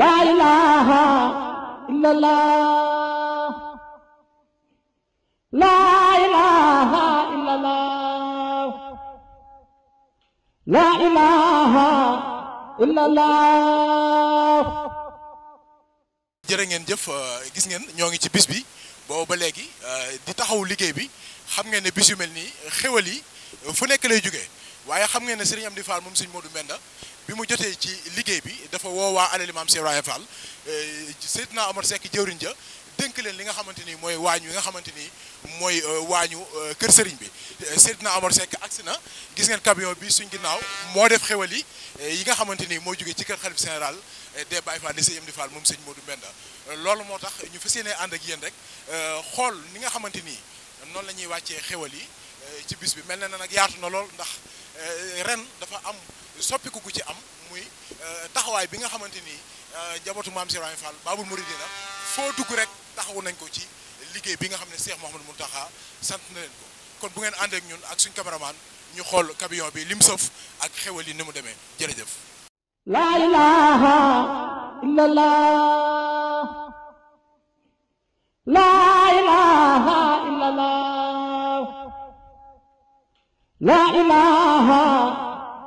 laa ilaaha illallah laa ilaaha illallah laa ngeen jëf euh, gis ngeen ñoo ngi ci bis bi boobu ba léegi euh, di taxawu liggéey bi xam ngeen ne bis yu mel nii xéwal yi fu nekk lay jógee waaye xam ngeen ne Serigne Amdi Fall moom Serigne Modou Mbenda bi mu jotee ci liggéey bi dafa woowaa alali maam Cheikh Ibrahima Fall eh, Seydina Omar Seck jëwriñ ja dénk leen li nga xamante ni mooy waañ wi nga xamante ni mooy eh, waañu eh, kër sëriñ bi Seydina Omar Seck agsi na gis ngeen camion bi suñ ginnaaw moo def xewal yi yi nga xamante ni moo jógee ci kër xalif général des Baye Fall di sëñ di Fall moom sëñ Modou Mbenda loolu moo tax ñu fas yéene ànd ak yéen rek xool ni nga xamante ni noonu la ñuy wàccee xewal yi ci bis bi mel na nag yaatu na lool ndax ren dafa am soppiku gu ci am muy euh, taxawaay bi nga xamante ni euh, njabootu maam Cheikh Ibrahima Fall Baabul Muridina foo dugg rek taxaw nañ ko ci liggéey bi nga xam ne Cheikh Mouhamadou Mountakha sant na leen ko kon bu ngeen ànd ak ñun ak suñ cameraman ñu xool camion bi lim sëf ak xewal yi ni mu demee jërëjëf. laa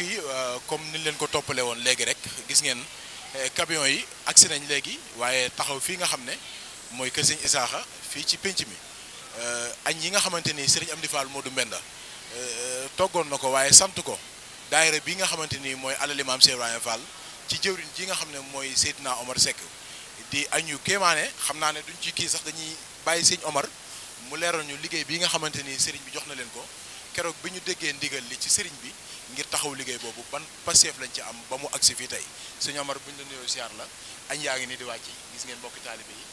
mbokk euh, comme ni leen ko toppale woon léegi rek gis ngeen euh, camion yi agsi nañ léegi waaye taxaw fii nga xam ne mooy kër sëñ Isaaxa fii ci pénc mi euh, añ yi nga xamante ni sëriñ am Amdi Fall Modou Mbenda toggoon na ko waaye sant ko daayira bi nga xamante ni mooy alali maam Cheikh Ibrahima Fall ci jëwriñ ji nga xam ne mooy naa Omar Seck di añ yu kéemaane xam naa ne duñ ci kii sax dañuy bàyyi sëñ Omar mu leeral ñu liggéey bi nga xamante ni sëriñ bi jox na leen ko kérok bi ñu déggee ndigal li ci sëriñ bi ngir taxaw ligéy bobu ban passeef lañ ci am ba mu aksi fi tay señ Omar buñu la nuyo ziar la añ yaangi ni di wacc gis ngeen mbokk talibé yi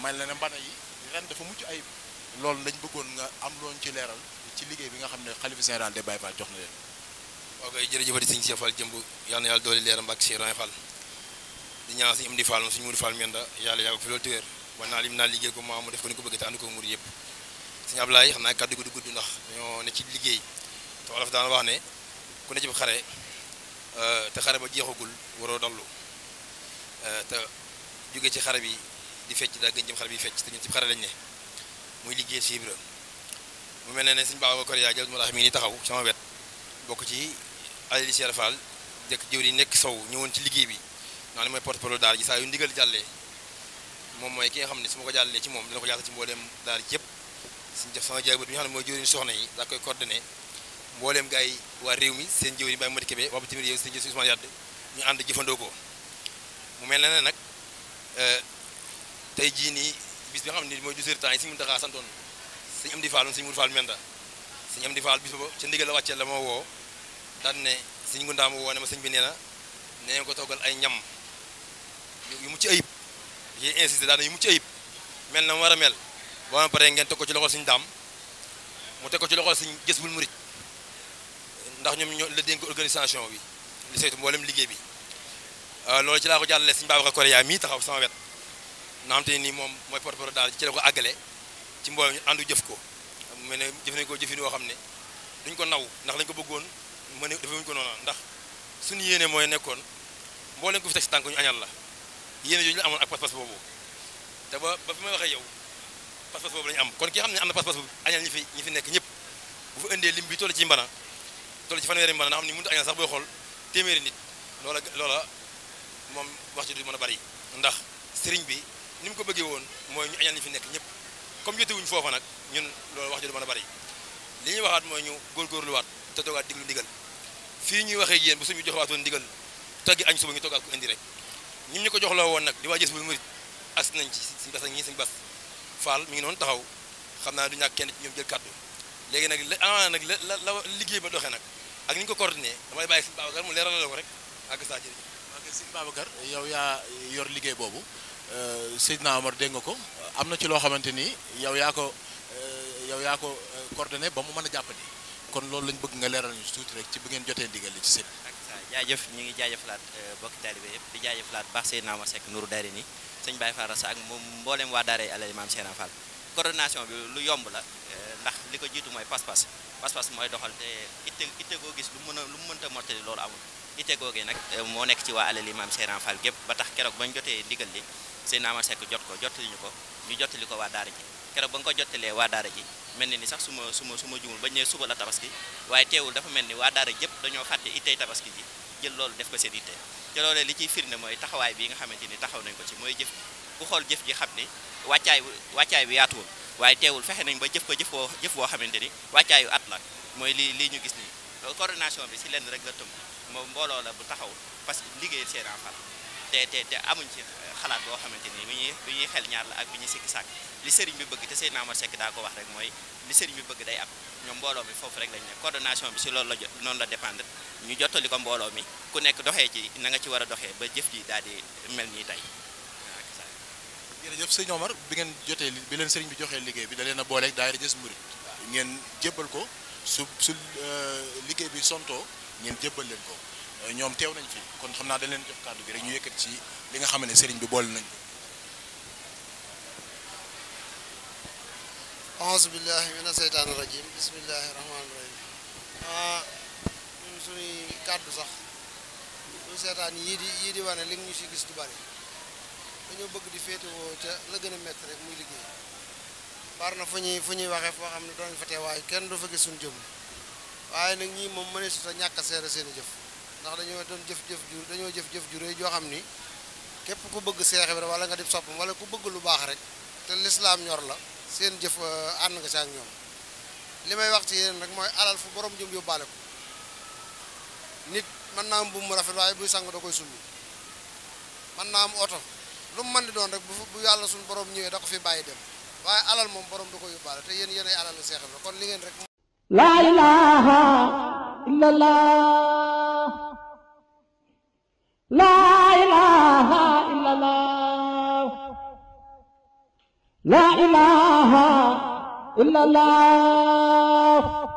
mal na ne mbana yi ren dafa muccu ay lool lañ bëggoon nga am loon ci léral ci ligéy bi nga xamné khalifa général de Baye Fall jox na leen waaw kay jërëjëfati señ Cheikh Fall jëmb yalla na yàlla doole leeram mbàkk Cheikh Ran Fall di ñaan sëñ Amdi Fall moom sëñ Mourou Fall Menda yalla yaako fi loolu téwéer wana lim na ligéy ko maamu def ko ni ko bëgg ta and ko muur yépp sëñ Ablaye xam naa kàddu gudd gudd ndax ñoo ne ci liggéey te wolof daan wax ne ku ne ci xare euh, te xare ba jeexagul waroo dallu euh, te jóge ci xare bi di fecc daa gën jëm xare bi fecc te ñun ci xare lañ ne muy liggéey sibre mu mel ne ne sëñ Baaba Kor yaa jël ma mii ni taxaw sama wet bokk ci Alioune Seye Fall dëkk jëw di nekk sow ñëwoon ci liggéey bi naa ne mooy porte parole daara ji saa yu ndigal jàlle moom mooy ki nga xam ne su ma ko jàllee ci moom dina ko jaaxal ci mbooleem suñu jëf sama jaay bi nga xam ne mooy jëwriñ soxna yi daa koy coordonné mbooleem gaa yi waa réew mi seen jëwriñ Baye Madi Kébé wabu tamit yow seen jëf si Ousmane Yadd ñu ànd jëfandoo ko mu mel na ne nag euh, tey jii nii bis bi xam ne mooy dix heures yi si mun taxaa santoon suñu am di faaloon suñu Mourou Fall Menda suñu am di faal bis boobu ca ndigal la wàccee la moo woo daan ne suñu ngundaam woo ne ma sëñ bi nee na nee ko toggal ay ñam yu mucc ayib yu mucc ayib mel na mu war mel boo ma paree ngeen teg ko ci loxol suñu daam mu teg ko ci loxol suñ gës bul murit ndax ñoom ñoo la dénk organisation bi li saytu mboolem liggéey bi euh, loolu ci laa ko jàllale suñu Babacar Korea mii taxaw sama wet na ni moom mooy porte-parole daal ci la ko ci mboolem ñu àndu jëf ko mu mel ne jëf nañ ko jëfin woo xam ne duñ ko naw ndax lañ ko bëggoon mën a defewuñ ko noonu ndax suñu yéene mooy nekkoon mboolem ko fi teg si tànk ñu añal la yéene yooyu ñu amoon ak pas-pas boobu te ba ba fi may waxee yow pas-pas boobu lañu am kon ki xam ne am pas-pas boobu añal ñi fi ñi fi nekk ñëpp bu fi indee lim bi toll ci mbana toll ci fanweeri mbana na xam ne mënut añal sax booy xool téeméeri nit loola loola moom wax ci du mën a bari ndax sëriñ bi ni mu ko bëggee woon mooy ñu añal ñi fi nekk ñëpp comme jotewuñ foofa nag ñun loolu wax ji du mën a bari li ñuy waxaat mooy ñu góorgóorluwaat te toogaat diglu ndigal fii ñuy waxee yéen bu suñu joxewaatoon ndigal taggi añ suba ñu toogaat ko indi rek ñim ñu ko joxloo woon nag di waa gës bu murit as nañ ci suñu pas ak ñii suñu bas Fall mi ngi noonu taxaw xam naa du ñàkk kenn ci ñoom jël kàddu léegi nag la amaana ah, nag la la liggéey ba doxee nag ak ni ñu ko coordonné damay bàyyi Sëñ Babacar mu leeral la ko rek ak saa jërëjëf. yow yaa yor liggéey boobu euh, Seydina Omar dégg nga ko am na ci loo xamante ni yow yaa ko euh, yow yaa ko euh, coordonné ba mu mën a jàppandi kon loolu lañ bëgg nga leeral ñu tuuti rek ci bu ngeen jotee ndigal li ci seen. jaajëf ñu ngi jaajëfalaat bokk taalibe yëpp di jaajëfalaat baax naa Seydina Omar Seck Nourou Darayni sëñ baay Fall Rassa ak moom mboolem waa daaree Alaaji Maam Cheikh Fall bi lu yomb la eh, ndax li ko jiitu mooy pas-pas pas-pas mooy doxal te itte itte goo gis lu mën a lu mënta mottali loolu amul itte googee nag eh, moo nekk ci waa Alaaji Maam Cheikh Fall gépp ba tax keroog bañ jotee ndigal li sëñ Amar Seck jot ko jottali ñu ko ñu jottali ko waa daara ji keroog ba nga ko jottalee waa daara ji mel na ni sax suma ma su ma su ma jumul ba ne suba la tabaski waaye teewul dafa mel ni waa daara jëpp dañoo fàtte ittey tabaski ji jël loolu def ko seen te loolee li ciy firnde mooy taxawaay bi nga xamante ni taxaw nañ ko ci mooy jëf ku xool jëf ji xam ni wàccaay wàccaay bi yaatuwul waaye teewul fexe nañ ba jëf ko jëf woo jëf woo xamante ni wàccaayu at la mooy lii lii ñu gis nii coordination bi si lenn rek la tëmb moom mbooloo la bu taxaw parce que liggéeyal seen enfant te te te amuñ ci xalaat boo xamante ni bi ñuy ñuy xel ñaar la ak bi ñuy sikki sàkk li sëriñ bi bëgg te Seydina Omar Seck daa ko wax rek mooy li sëriñ bi bëgg day am ñoom mbooloo mi foofu rek lañ ne coordination bi si loolu la jot noonu la dépendre ñu jottali ko mbooloo mi ku nekk doxee ci na nga ci war a doxee ba jëf ji daal mel nii tey. jërëjëf sëñ bi ngeen jotee bi leen sëriñ bi joxee liggéey bi da leen a booleeg daayira Murit ngeen jébbal ko su su euh, liggéey bi sontoo ngeen jébbal leen ko ñoom teew nañ fi kon xam naa dañ leen jox kàddu gi rek ñu yëkkat ci li nga xam ne sëriñ bi bool nañ ko auzu billahi mina seytaani rajim bismillahi rahmaani suñuy kàddu sax lu seetaan yii di yii di wane li ñu si gis du bari dañoo bëgg di féetewoo ca la gën a métti rek muy liggéey bari na fu ñuy fu ñuy waxee foo xam ne dooñ fa teewaay kenn du fa gis suñu jëmm waaye nag ñii moom mënee suta ñàkk a seere seen jëf ndax dañoo doon jëf-jëf ju dañoo jëf-jëf ju réy joo xam ni képp ku bëgg Seex Ibra wala nga di soppam wala ku bëgg lu baax rek te lislaam ñor la seen jëf euh, ànd nga ci ak ñoom li may wax ci yéen rek mooy alal fu borom jëm yóbbaale ko nit man na am bu mu rafet way bu sang da koy sumb man na am auto lu man di don rek bu yalla sun borom ñewé da ko fi baye dem waye alal mom borom da koy yobale te yeen yeen ay alal la kon li ngeen rek. la ilaha illallah la ilaha illallah la ilaha illallah.